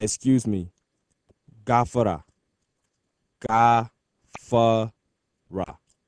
excuse me, Gafara. Gafara.